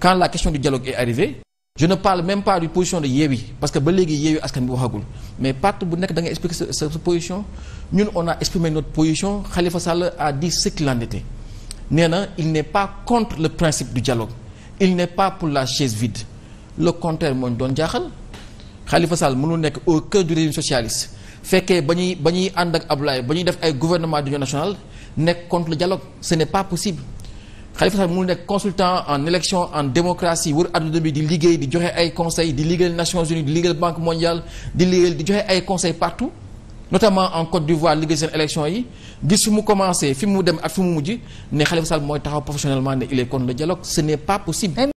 quand la question du dialogue est arrivée je ne parle même pas du position de Yewwi parce que ba léegi Yewwi askan bi waxagul mais parti bu nekk da nga expliquer sa sa position ñun on a exprimé notre position Khalifa Sall a dit ce qu'il en nee na il n'est pas contre le principe du dialogue il n'est pas pour la chaise vide le contraire moo doon jaaxal Khalifa Sall mënul nekk au cœur du régime socialiste fekkee ba ñuy ba ñuy ànd ak Abdoulaye ba ñuy def ay gouvernement d'union nationale nekk contre le dialogue ce n'est pas Khalifa Sall mu nekk consultant en élection en démocratie wër adduna bi di liggéey di joxe ay conseils di liggéeyal Nations Unies di liggéeyal Banque mondiale di liggéeyal di joxe ay conseils partout notamment en Côte d'Ivoire liggéey seen élection yi gis fi mu commencé fi mu dem ak fi mu mujj ne Khalifa Sall mooy taxaw professionnellement ne il est contre le ce n'est pas possible